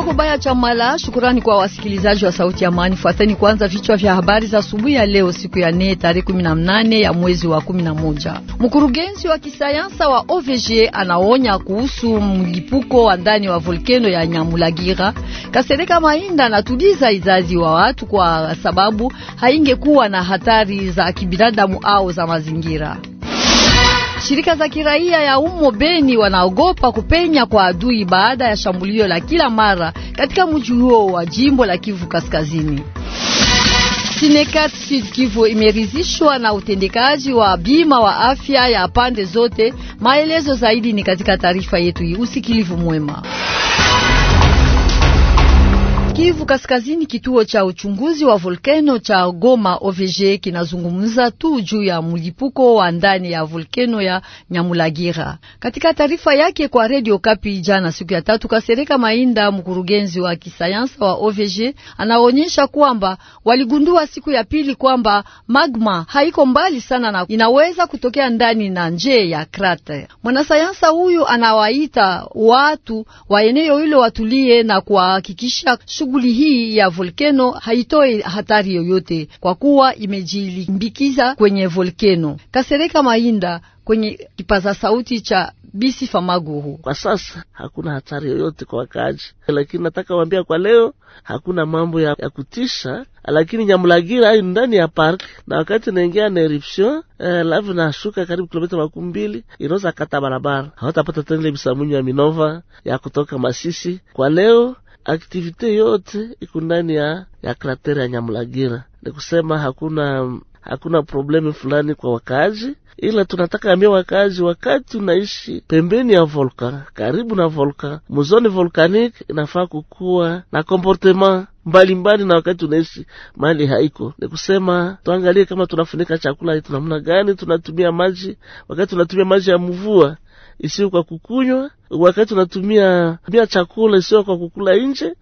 cha Chamala, shukurani kwa wasikilizaji wa Sauti ya Amani. Fuateni kwanza vichwa vya habari za asubuhi ya leo, siku ya nne tarehe 18 ya mwezi wa 11. Mkurugenzi wa kisayansa wa OVG anaonya kuhusu mlipuko wa ndani wa volkeno ya Nyamulagira. Kasereka Mainda anatuliza izazi wa watu kwa sababu haingekuwa na hatari za kibinadamu au za mazingira. Shirika za kiraia ya umo Beni wanaogopa kupenya kwa adui baada ya shambulio la kila mara katika mji huo wa jimbo la Kivu Kaskazini. Sinekat Sud Kivu imeridhishwa na utendekaji wa bima wa afya ya pande zote. Maelezo zaidi ni katika taarifa yetu hii. Usikilivu mwema. Kivu Kaskazini, kituo cha uchunguzi wa volkeno cha Goma OVG kinazungumza tu juu ya mlipuko wa ndani ya volkeno ya Nyamulagira. Katika taarifa yake kwa Radio Kapi jana siku ya tatu, Kasereka Mainda, mkurugenzi wa kisayansa wa OVG, anaonyesha kwamba waligundua siku ya pili kwamba magma haiko mbali sana na inaweza kutokea ndani na nje ya krate Mwanasayansa huyu anawaita watu wa eneo hilo watulie na kuhakikisha Shughuli hii ya volkeno haitoi hatari yoyote kwa kuwa imejilimbikiza kwenye volkeno. Kasereka Mainda kwenye kipaza sauti cha Bisi Famaguhu. Kwa sasa hakuna hatari yoyote kwa wakaaji, lakini nataka wambia kwa leo hakuna mambo ya, ya kutisha, lakini Nyamulagira ayu ndani ya park, na wakati naingia na eruption eh, lavu nashuka karibu kilomita makumi mbili inaweza kata barabara, hawatapata tena ile bisamunyu ya Minova ya kutoka Masisi kwa leo aktivite yote iko ndani ya, ya krateri ya Nyamulagira. Ni kusema hakuna hakuna problemu fulani kwa wakaaji, ila tunataka ambia wakaaji, wakati unaishi pembeni ya volka, karibu na volka, muzoni volkanik inafaa kukuwa na komportema mbalimbali na wakati unaishi mali haiko. Ni kusema tuangalie kama tunafunika chakula yetu namna gani, tunatumia maji, wakati tunatumia maji ya mvua isiyo kwa kukunywa, wakati unatumia mia chakula isiyo kwa kukula nje,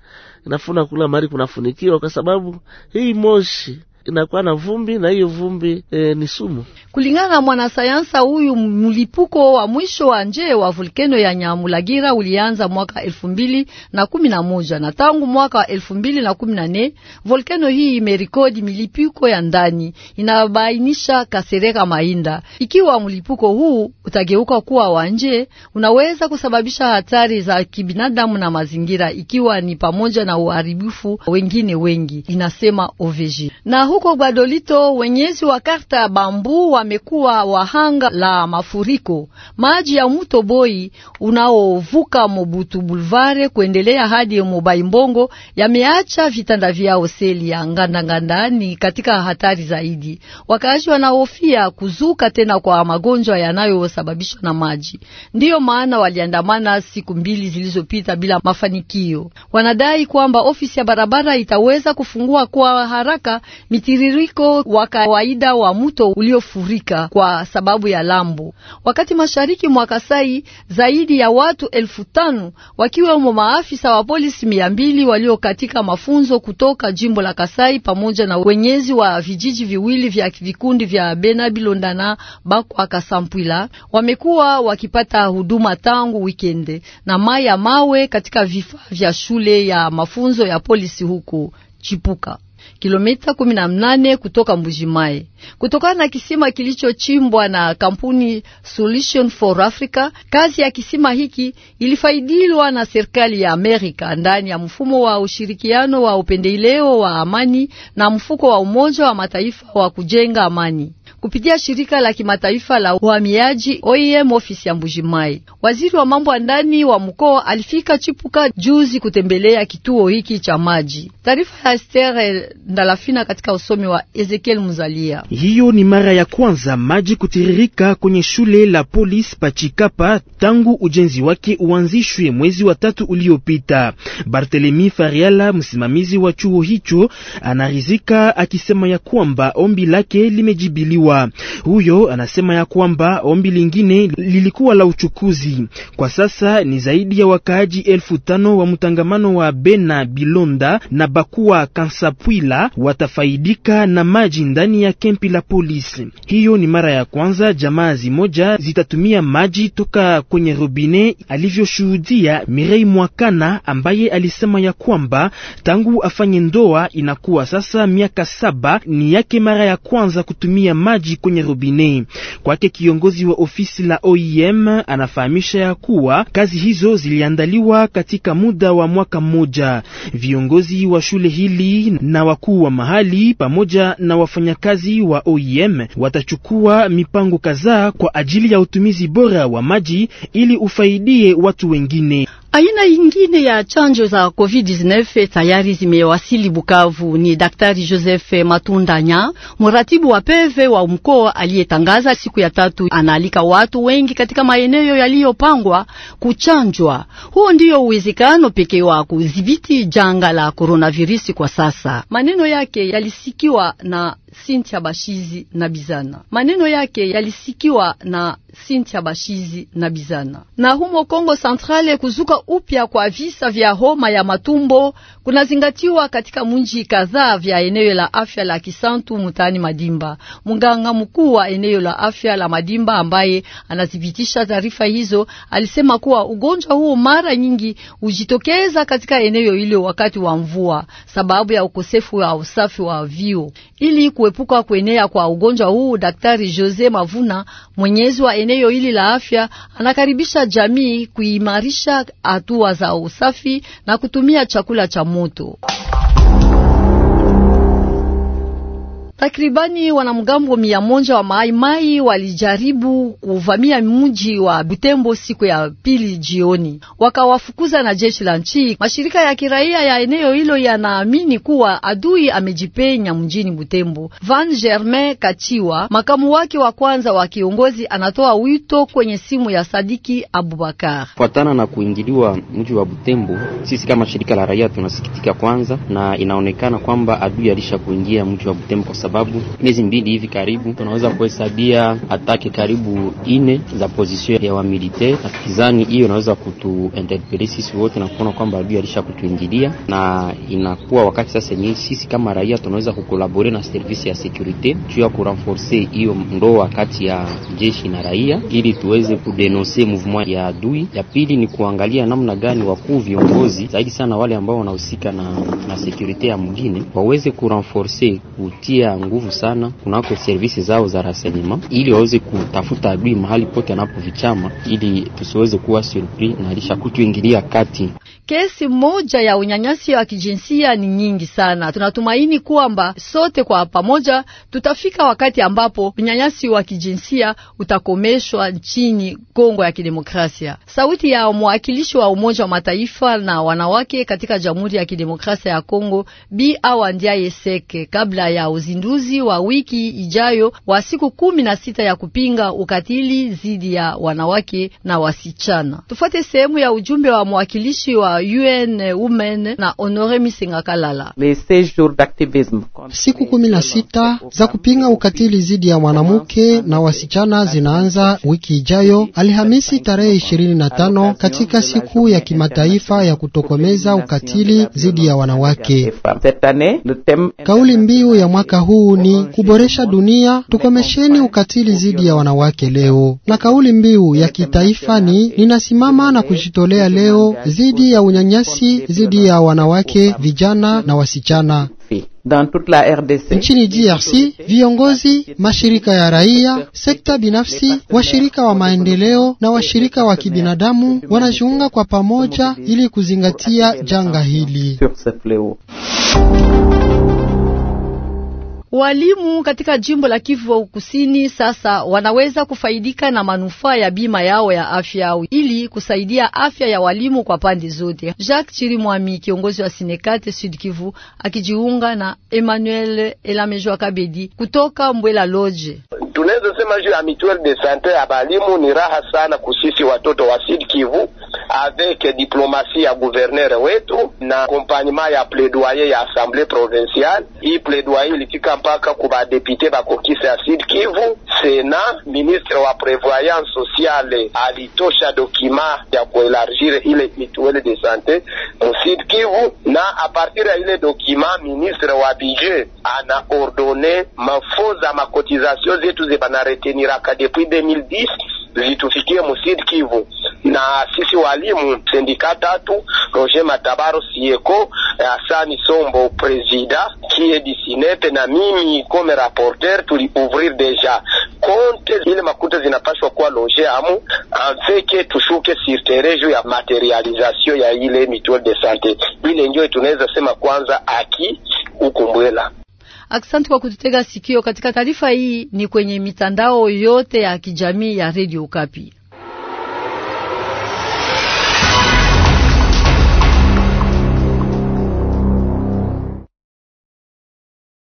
nafuna kula mari kunafunikiwa, kwa sababu hii moshi inakuwa na vumbi, na hiyo vumbi e, ni sumu. Kulingana na mwanasayansa huyu, mlipuko wa mwisho wa nje wa volkeno ya Nyamulagira ulianza mwaka elfu mbili na kumi na moja na tangu mwaka wa elfu mbili na kumi na nne volkeno hii imerekodi milipuko ya ndani, inabainisha Kasereka Mainda. Ikiwa mlipuko huu utageuka kuwa wa nje, unaweza kusababisha hatari za kibinadamu na mazingira, ikiwa ni pamoja na uharibifu wengine wengi, inasema OVG na huu huko Bwadolito wenyezi wa karta Bambu wamekuwa wahanga la mafuriko. Maji ya mto Boi unaovuka Mobutu Boulevard kuendelea hadi Mobai Mbongo yameacha vitanda vyao seli ya ngandangandani katika hatari zaidi. Wakaaji wanahofia kuzuka tena kwa magonjwa yanayosababishwa na maji, ndiyo maana waliandamana siku mbili zilizopita bila mafanikio. Wanadai kwamba ofisi ya barabara itaweza kufungua kwa haraka mitiririko wa kawaida wa mto uliofurika kwa sababu ya lambo. Wakati mashariki mwa Kasai, zaidi ya watu elfu tano wakiwemo maafisa wa polisi mia mbili walio katika mafunzo kutoka jimbo la Kasai pamoja na wenyezi wa vijiji viwili vya vikundi vya Bena bilondana Bakwa Kasampwila wamekuwa wakipata huduma tangu wikende na maya mawe katika vifaa vya shule ya mafunzo ya polisi huko Chipuka kilomita 18 kutoka Mbujimayi, kutokana na kisima kilichochimbwa na kampuni Solution for Africa. Kazi ya kisima hiki ilifaidilwa na serikali ya Amerika ndani ya mfumo wa ushirikiano wa upendeleo wa amani na mfuko wa Umoja wa Mataifa wa kujenga amani kupitia shirika la kimataifa la uhamiaji OIM e ofisi ya Mbujimai. Waziri wa mambo ya ndani wa mkoa alifika Chipuka juzi kutembelea kituo hiki cha maji. Taarifa ya Esther Ndalafina katika usomi wa Ezekiel Muzalia. Hiyo ni mara ya kwanza maji kutiririka kwenye shule la polisi Pachikapa tangu ujenzi wake uanzishwe mwezi wa tatu uliopita. Barthelemy Fariala, msimamizi wa chuo hicho, anarizika akisema ya kwamba ombi lake limejibiliwa kubwa. Huyo anasema ya kwamba ombi lingine lilikuwa la uchukuzi. Kwa sasa ni zaidi ya wakaaji elfu tano wa mtangamano wa Bena Bilonda na Bakua Kansapwila watafaidika na maji ndani ya kempi la polisi. Hiyo ni mara ya kwanza jamaa zimoja zitatumia maji toka kwenye robine, alivyoshuhudia Mirei Mwakana ambaye alisema ya kwamba tangu afanye ndoa inakuwa sasa miaka saba ni yake mara ya kwanza kutumia maji maji kwenye robine. Kwake kiongozi wa ofisi la OEM anafahamisha ya kuwa kazi hizo ziliandaliwa katika muda wa mwaka mmoja. Viongozi wa shule hili na wakuu wa mahali pamoja na wafanyakazi wa OIM watachukua mipango kadhaa kwa ajili ya utumizi bora wa maji ili ufaidie watu wengine. Aina ingine ya chanjo za COVID-19 tayari zimewasili Bukavu. Ni Daktari Joseph Matundanya, mratibu wa peve wa mkoa, aliyetangaza siku ya tatu, anaalika watu wengi katika maeneo yaliyopangwa kuchanjwa. Huo ndiyo uwezekano pekee wa kudhibiti janga la koronavirusi kwa sasa. Maneno yake yalisikiwa na Sintia Bashizi na Bizana. Maneno yake yalisikiwa na Cynthia Bashizi na Bizana. Na humo Kongo Centrale, kuzuka upya kwa visa vya homa ya matumbo kunazingatiwa katika munji kadhaa vya eneo la afya la Kisantu mutani Madimba. Munganga mkuu wa eneo la afya la Madimba ambaye anathibitisha taarifa hizo alisema kuwa ugonjwa huo mara nyingi hujitokeza katika eneo hilo wakati wa mvua, sababu ya ukosefu wa usafi wa vio. Ili kuepuka kuenea kwa ugonjwa huu, Daktari Jose Mavuna mwenyezi wa eneo hili la afya anakaribisha jamii kuimarisha hatua za usafi na kutumia chakula cha moto. Takribani wanamgambo mia moja wa maimai walijaribu kuvamia mji wa Butembo siku ya pili jioni, wakawafukuza na jeshi la nchi. Mashirika ya kiraia ya eneo hilo yanaamini kuwa adui amejipenya mjini Butembo. Van Germain Kachiwa, makamu wake wa kwanza wa kiongozi, anatoa wito kwenye simu ya Sadiki Abubakar. Kufuatana na kuingiliwa mji wa Butembo, sisi kama shirika la raia tunasikitika kwanza, na inaonekana kwamba adui alisha kuingia mji wa Butembo kwa sababu miezi mbili hivi karibu tunaweza kuhesabia atake karibu ine za position ya wamiliteri, na kizani hiyo inaweza kutuinterpele sisi wote na kuona kwamba adui alisha kutuingilia, na inakuwa wakati sasa yenyewe sisi kama raia tunaweza kukolabore na service ya sekurite juu ya kurenforce hiyo ndoa kati ya jeshi na raia, ili tuweze kudenonse mouvement ya adui. Ya pili ni kuangalia namna gani wakuu viongozi zaidi sana wale ambao wanahusika na, na sekurite ya mwingine waweze kurenforce kutia nguvu sana kunako servisi zao za rasenima ili waweze kutafuta adui mahali pote anapovichama, ili tusiweze kuwa surpris na alishakutuingilia kati kesi moja ya unyanyasi wa kijinsia ni nyingi sana. Tunatumaini kwamba sote kwa pamoja tutafika wakati ambapo unyanyasi wa kijinsia utakomeshwa nchini Kongo ya Kidemokrasia. Sauti ya mwakilishi wa Umoja wa Mataifa na wanawake katika Jamhuri ya Kidemokrasia ya Kongo, Bi Awandia Seke, kabla ya uzinduzi wa wiki ijayo wa siku kumi na sita ya kupinga ukatili dhidi ya wanawake na wasichana. Tufuate sehemu ya ujumbe wa mwakilishi wa UN Women na Honore Misinga Kalala. Siku kumi na sita za kupinga ukatili dhidi ya mwanamke na wasichana zinaanza wiki ijayo Alhamisi tarehe tano katika siku ya kimataifa ya kutokomeza ukatili dhidi ya wanawake. Kauli mbiu ya mwaka huu ni kuboresha dunia, tukomesheni ukatili dhidi ya wanawake leo, na kauli mbiu ya kitaifa ni ninasimama na kujitolea leo dhidi ya unyanyasi dhidi ya wanawake, vijana na wasichana. Nchini DRC viongozi, mashirika ya raia, sekta binafsi, washirika wa maendeleo na washirika wa kibinadamu wanajiunga kwa pamoja ili kuzingatia janga hili. Walimu katika jimbo la Kivu Kusini sasa wanaweza kufaidika na manufaa ya bima yao ya afya ili kusaidia afya ya walimu kwa pande zote. Jacques Chirimwami, kiongozi wa Sinekate Sud Kivu, akijiunga na Emmanuel Elamejwa Kabedi kutoka Mbwela Lodge. Les sema juu ya mituel de sante ya balimu ni raha sana kusisi watoto wa Sud Kivu avec diplomatie à gouverneur wetu na à ya plaidoyer ya assemblée provinciale. Hii plaidoyer ilifika mpaka kubadepute bakokisa ya Sud Kivu. Sena ministre wa prévoyance sociale alitosha dokima ya kuelargir ile mituele de sante mu Sud Kivu, na a partir ya ile dokima ministre wa budget ana ordone mafoza makotizasio zetu ze banaretiriraka depuis 2010 zitufikie Musid Kivu na sisi walimu sendika tatu Roger Matabaro Sieko, hasani Sombo presida kiedisinepe na mimi kome rapporteur, tuliouvrir deja konte ile makuta zinapashwa kuwa loge amu anfeke tushuke sirterejo ya materializasio ya ile mituel de sante ile, ndio tunaweza sema kwanza aki ukumbwela Aksanti kwa kututega sikio. Katika taarifa hii ni kwenye mitandao yote ya kijamii ya Radio Kapi.